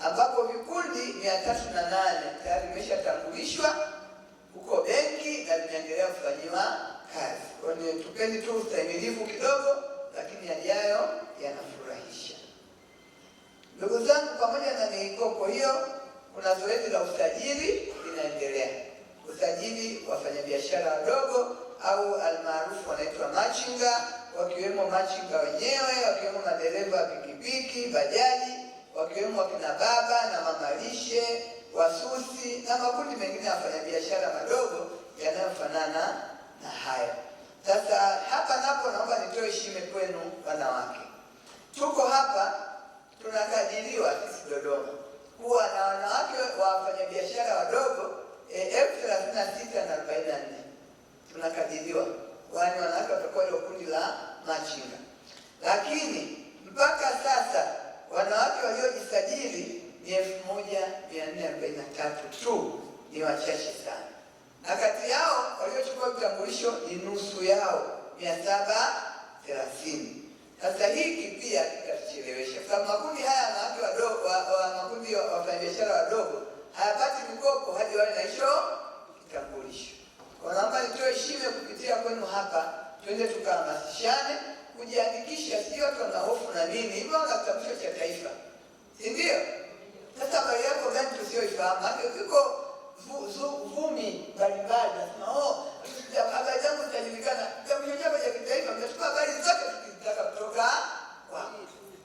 ambapo vikundi mia tatu na nane tayari vimeshatambulishwa huko benki na vinaendelea kufanyiwa kazi. hiyo tupeni tu ustahimilivu kidogo, lakini yajayo yanafurahisha. Ndugu zangu, pamoja na mikopo hiyo, kuna zoezi la usajili linaendelea, usajili wafanyabiashara wadogo au almaarufu wanaitwa machinga, wakiwemo machinga wenyewe, wakiwemo madereva wa pikipiki, bajaji wakiwemo wakina baba na mamalishe, wasusi na makundi mengine ya wafanyabiashara madogo yanayofanana na haya. Sasa hapa napo naomba nitoe heshima kwenu wanawake. Tuko hapa tunakadiriwa sisi Dodoma kuwa na wanawake wa wafanyabiashara wadogo e, elfu thelathini na sita na arobaini na nne tunakadiriwa, kwani wanawake watakuwa ndio kundi la machinga, lakini mpaka sasa wanawake waliojisajili ni elfu moja mia nne arobaini na tatu tu, ni wachache sana, na kati yao waliochukua vitambulisho ni nusu yao, mia saba thelathini. Sasa hiki pia kitachelewesha, kwa sababu makundi haya wanawake wadogo, makundi wa wafanyabiashara wadogo hayapati mikopo hadi wale na hicho kitambulisho. Wanaomba nitoe shime kupitia kwenu hapa, tuende tukahamasishane kujiandikisha, sio tuna na nini hivyo, na kitambulisho cha taifa, si ndio? Sasa habari yako gani tusioifahamu? Hata ukiko vumi mbalimbali nasema oh, habari zangu zitajulikana. Kitambulisho chako cha kitaifa kitachukua habari zote tukizitaka kutoka kwako,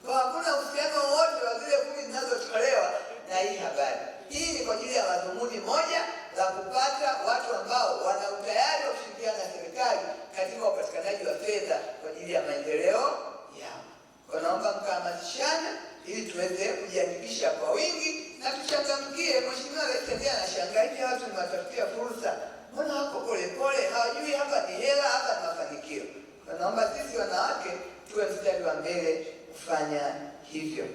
kwa hakuna uhusiano wowote wa zile vumi zinazotolewa na hii habari. Hii ni kwa ajili ya madhumuni moja la kupata watu ambao wana utayari wa kushirikiana na serikali katika upatikanaji wa fedha kwa ajili ya maendeleo wanaomba mkahamasishana ili tuweze kujiandikisha kwa wingi na tuchangamkie. Mheshimiwa Rais Samia anashangalia watu, niwatafutia fursa, mbona wako polepole, hawajui hapa ni hela, hapa ni mafanikio. Wanaomba sisi wanawake tuwe mstari wa mbele kufanya hivyo.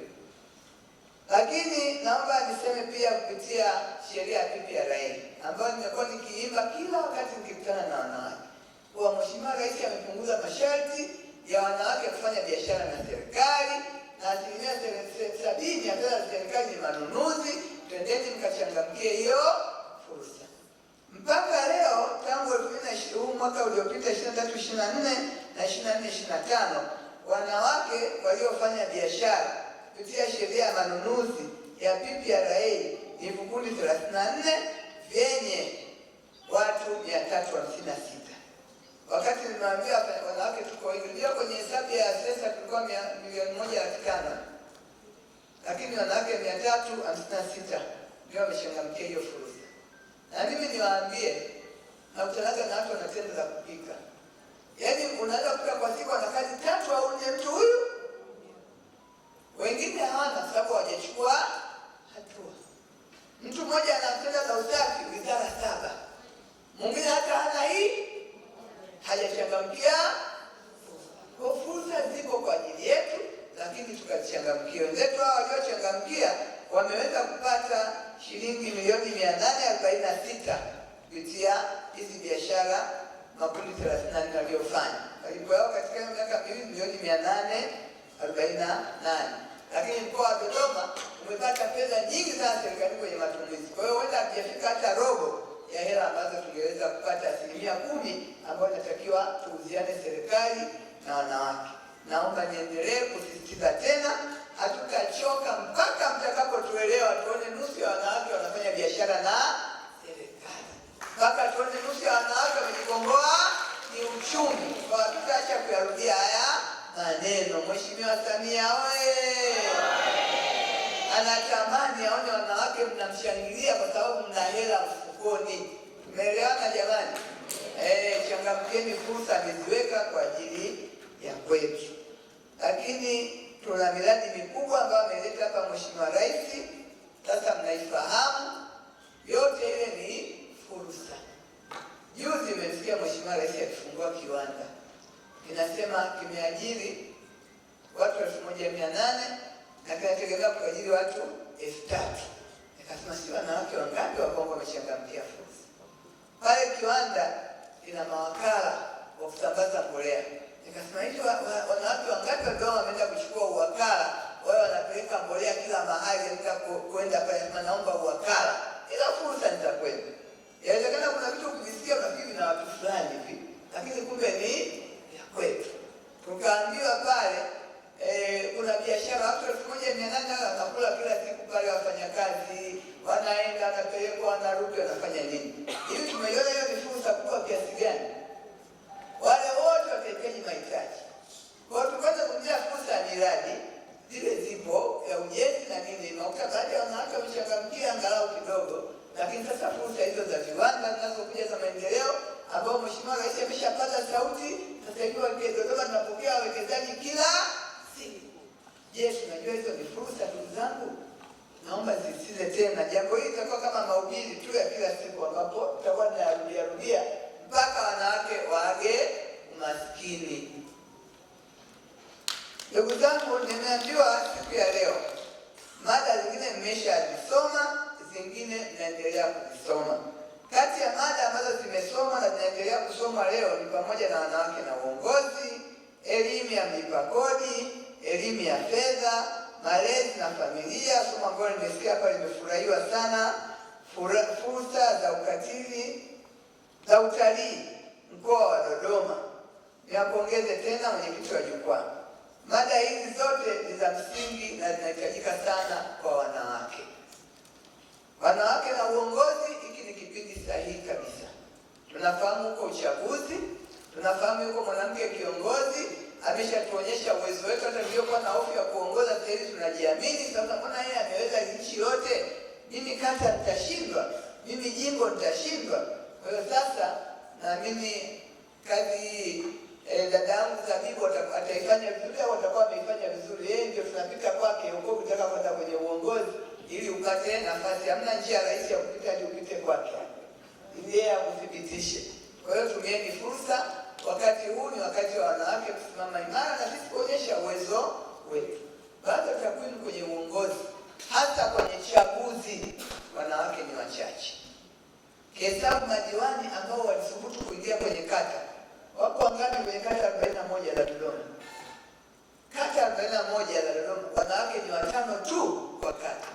Lakini naomba niseme pia kupitia sheria ya PPRA ambayo nimekuwa nikiimba kila wakati nikikutana na wanawake, kwa Mheshimiwa Rais amepunguza masharti ya wanawake kufanya biashara na serikali, na asilimia sabini ya fedha za serikali ni manunuzi. Twendeni mkachangamkie hiyo fursa. Mpaka leo tangu elfu mbili na ishirini mwaka uliopita ishirini na tatu ishirini na nne na ishirini na nne ishirini na tano wanawake waliofanya biashara kupitia sheria ya manunuzi ya PPRA ni vikundi 34 vyenye watu sita wakati nimeambia wanawake tuko hivi, ndio kwenye hesabu ya sensa tulikuwa milioni moja laki tano lakini wanawake mia tatu hamsini na sita ndio wameshangamkia hiyo fursa. Na mimi niwaambie, nakutanaga na watu wanatenda za kupika, yaani unaweza kupika kwa siku ana kazi tatu au nne mtu huyu, wengine hawana sababu hawajachukua hatua. Mtu mmoja anatenda za usafi wizara saba, mwingine hata hana hajachangamkia. Fursa ziko kwa ajili yetu, lakini tukachangamkia. Wenzetu hao waliochangamkia wameweza kupata shilingi milioni mia nane arobaini na sita kupitia hizi biashara makundi thelathini na nne waliofanya malipo yao katika miaka miwili milioni mia nane arobaini na nane lakini mkoa wa Dodoma umepata fedha nyingi sana serikali kwenye matumizi. Kwa hiyo huenda hata robo ya hela ambazo tungeweza kupata asilimia kumi ambayo inatakiwa tuuziane serikali na wanawake. Naomba niendelee kusisitiza tena, hatutachoka mpaka mtakapotuelewa, tuone nusu ya wanawake wanafanya biashara na serikali, mpaka tuone nusu ya wanawake wamejikomboa ni uchumi. Kwa hatutaacha kuyarudia haya maneno. Mheshimiwa Samia oye! Jamani, aone wanawake mnamshangilia kwa sababu mna hela mfukoni. Umeelewana jamani? Eh, changamkeni fursa ameziweka kwa ajili ya kwetu, lakini tuna miradi mikubwa ambayo ameleta hapa Mheshimiwa Rais. Sasa mnaifahamu yote ile ni fursa. Juzi zimefikia Mheshimiwa Rais akifungua kiwanda kinasema kimeajiri watu elfu moja mia nane na kinategemea kuajiri watu elfu tatu. Nikasema si wanawake wangapi wakongo wamechangamkia fursa pale. Kiwanda ina mawakala wa kusambaza mbolea, nikasema hizo wanawake wangapi wakiwa wameenda kuchukua uwakala wao wanapeleka mbolea kila mahali, kwenda pale, naomba uwakala jeshi. Najua hizo ni fursa, ndugu zangu, naomba zisize tena. Jambo hili litakuwa kama mahubiri tu ya kila siku, ambapo tutakuwa tunayarudia rudia mpaka wanawake waage umaskini. Ndugu zangu, nimeambiwa siku ya leo mada zingine nimeshazisoma, zingine naendelea kuzisoma. Kati ya mada ambazo zimesoma na zinaendelea kusoma leo ni pamoja na wanawake na uongozi, elimu ya mlipa kodi elimu ya fedha, malezi na familia, somo ambalo nimesikia hapa limefurahiwa sana, fursa za ukatili za utalii mkoa wa Dodoma. Niwapongeze tena mwenyekiti wa jukwaa. Mada hizi zote ni za msingi na zinahitajika sana kwa wanawake, wanawake na uongozi. Hiki ni kipindi sahihi kabisa. Tunafahamu huko uchaguzi, tunafahamu huko mwanamke kiongozi ameshatuonyesha uwezo wetu, hata tuliokuwa na hofu ya kuongoza sasa tunajiamini. Sasa mbona yeye ameweza nchi yote? Mimi kata nitashindwa? Mimi jimbo nitashindwa? Kwa hiyo sasa naamini kazi hii eh, dadangu Zabibu ataifanya vizuri au atakuwa ameifanya vizuri. Yeye ndio tunapita kwake huko kutaka kwenda kwenye uongozi ili upate nafasi. Hamna njia rahisi ya kupita hadi upite kwake, ili yeye akuthibitishe. Kwa hiyo tumieni fursa Wakati huu ni wakati wa wanawake kusimama imara na sisi kuonyesha uwezo wetu. Baada ya takwimu kwenye uongozi, hata kwenye chaguzi, wanawake ni wachache. Kihesabu madiwani ambao walithubutu kuingia kwenye kata, wako wangapi kwenye kata arobaini na moja Dodoma? Kata arobaini na moja Dodoma, wanawake ni watano tu kwa kata.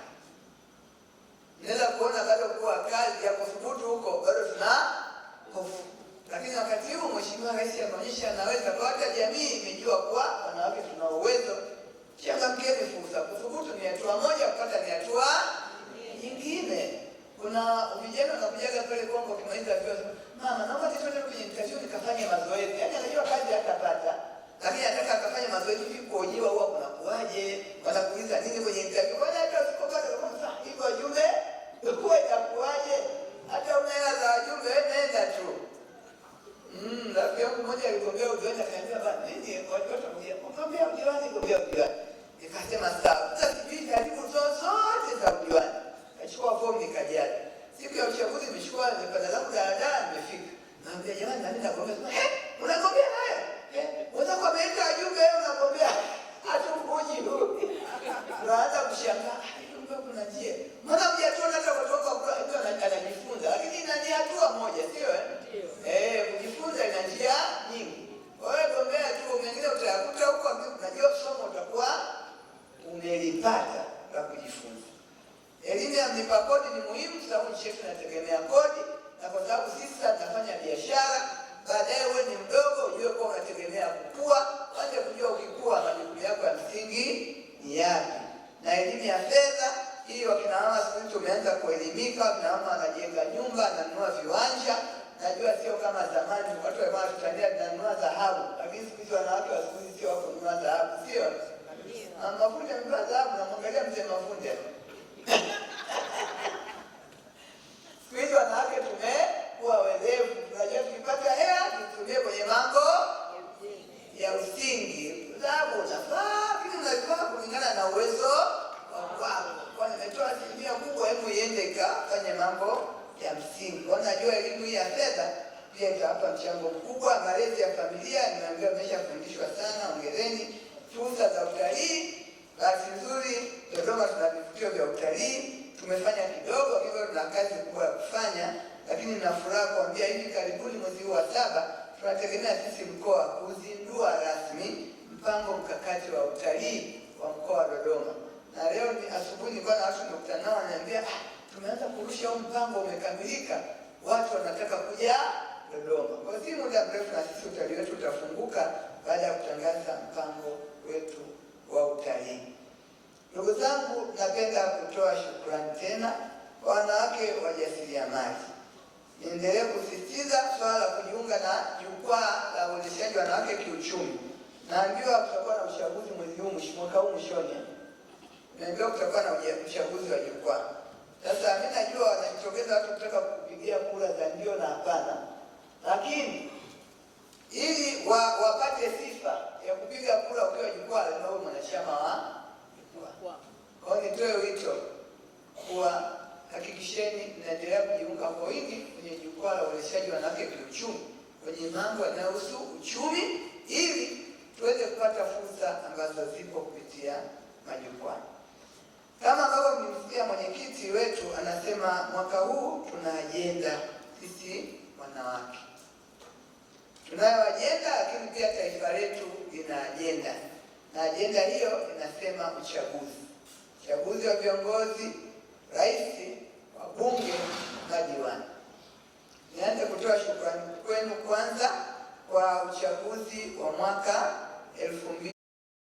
ya fedha hiyo. Akina mama siku hizi tumeanza kuelimika, akina mama anajenga nyumba, ananunua viwanja. Najua sio kama zamani watu walikuwa wanatutania tunanunua dhahabu, lakini siku hizi wanawake wa siku hizi sio kununua dhahabu, sio Mamafunde mtu dhahabu, namwangalia mzee Mafunde za utalii. Bahati nzuri Dodoma tuna vivutio vya utalii, tumefanya kidogo, hivyo tuna kazi kubwa ya kufanya, lakini na furaha kuambia hivi karibuni, mwezi huu wa saba, tunategemea sisi mkoa kuzindua rasmi mpango mkakati wa utalii wa mkoa wa Dodoma. Na leo ni asubuhi nilikuwa na watu nimekutana nao wananiambia, ah, tumeanza kurusha huu mpango umekamilika, watu wanataka kuja Dodoma. Kwa si muda mrefu na sisi utalii wetu utafunguka baada ya kutangaza mpango wetu wa utalii. Ndugu zangu, napenda kutoa shukrani tena kwa wanawake wajasiriamali. Niendelee kusisitiza swala la kujiunga na jukwaa la uwezeshaji wanawake kiuchumi. Naambiwa kutakuwa na uchaguzi mwezi huu, mwaka huu mwishoni, naambiwa kutakuwa na uchaguzi wa jukwaa. Sasa mimi najua wanajitokeza watu kutaka kupigia kura za ndio na hapana, lakini ili wapate wa sifa ya kupiga kura ukiwa jukwaa, lazima uwe mwanachama wa jukwaa. Kwa hiyo nitoe wito kuwa hakikisheni mnaendelea kujiunga kwa wingi kwenye jukwaa la uwezeshaji wanawake kiuchumi kwenye mambo yanayohusu uchumi, ili tuweze kupata fursa ambazo zipo kupitia majukwaa. Kama ambavyo mlimsikia mwenyekiti wetu anasema, mwaka huu tuna ajenda sisi wanawake tunayo ajenda, lakini pia taifa letu lina ajenda, na ajenda hiyo inasema uchaguzi, uchaguzi wa viongozi, rais, wabunge na diwani. Nianze kutoa shukrani kwenu kwanza kwa uchaguzi wa mwaka elfu mbili